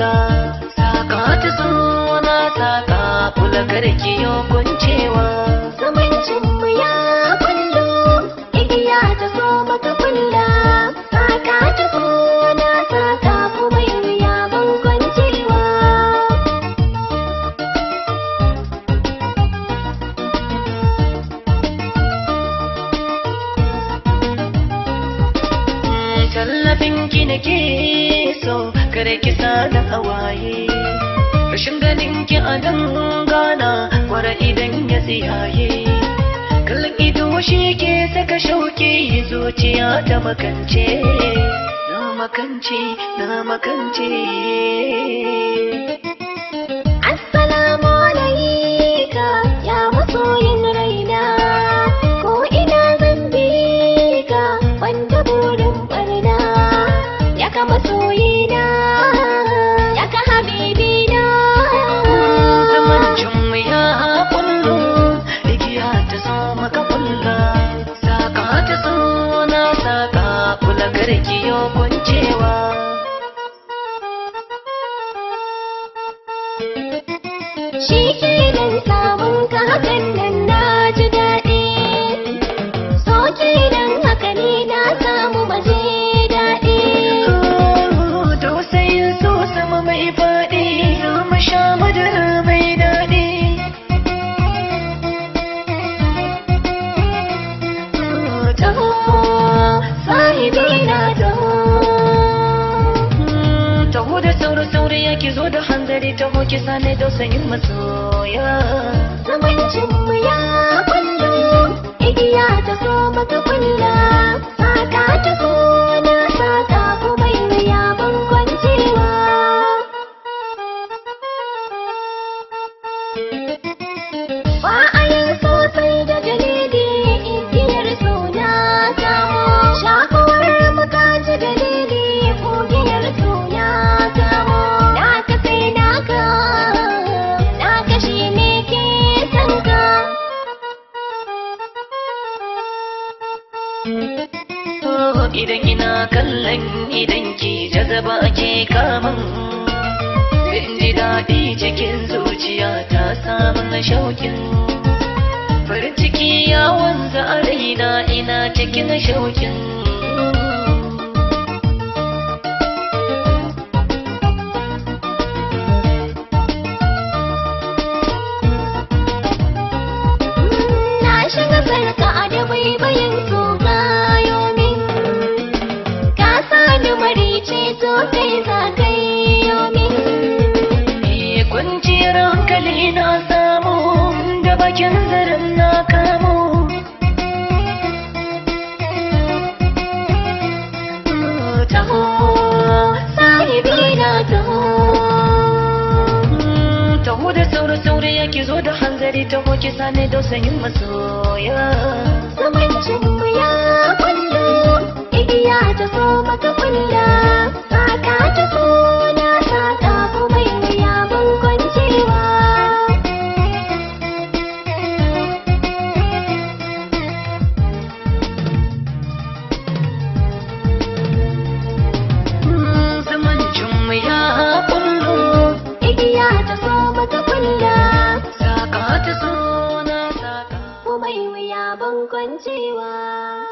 ta saka ta suna saka kula karki yo kuncewa zamancin mu ya kullu igiya ta so maka kulla saka ta saka kuma ya ban eh, tallafin ki kare ki da awaye rashin ganin ki a nan gana kwara idan ya tsiyaye kallon ido shi ke saka shauki zuciya ta makance na makance na makance karkiyo kuncewa shi ke dan samun ka hakan nan ཁྱི Idan ina kallon idan ki jazaba ake kamun In ji daɗi cikin zuciya ta samun shaukin Farin ciki ya wanza a raina ina cikin shaukin Na shiga farka a dabaibayin su bari ce so kai za kai yomi ni kwanciyar rankali na samu da bakin zarin na kamo taho sahibi na taho taho da saura-saura yake zo da hanzari taho ki sani da sanyin masoya zamancin ta so bata kulla saka ta so na saka komai wuya ban kwancewa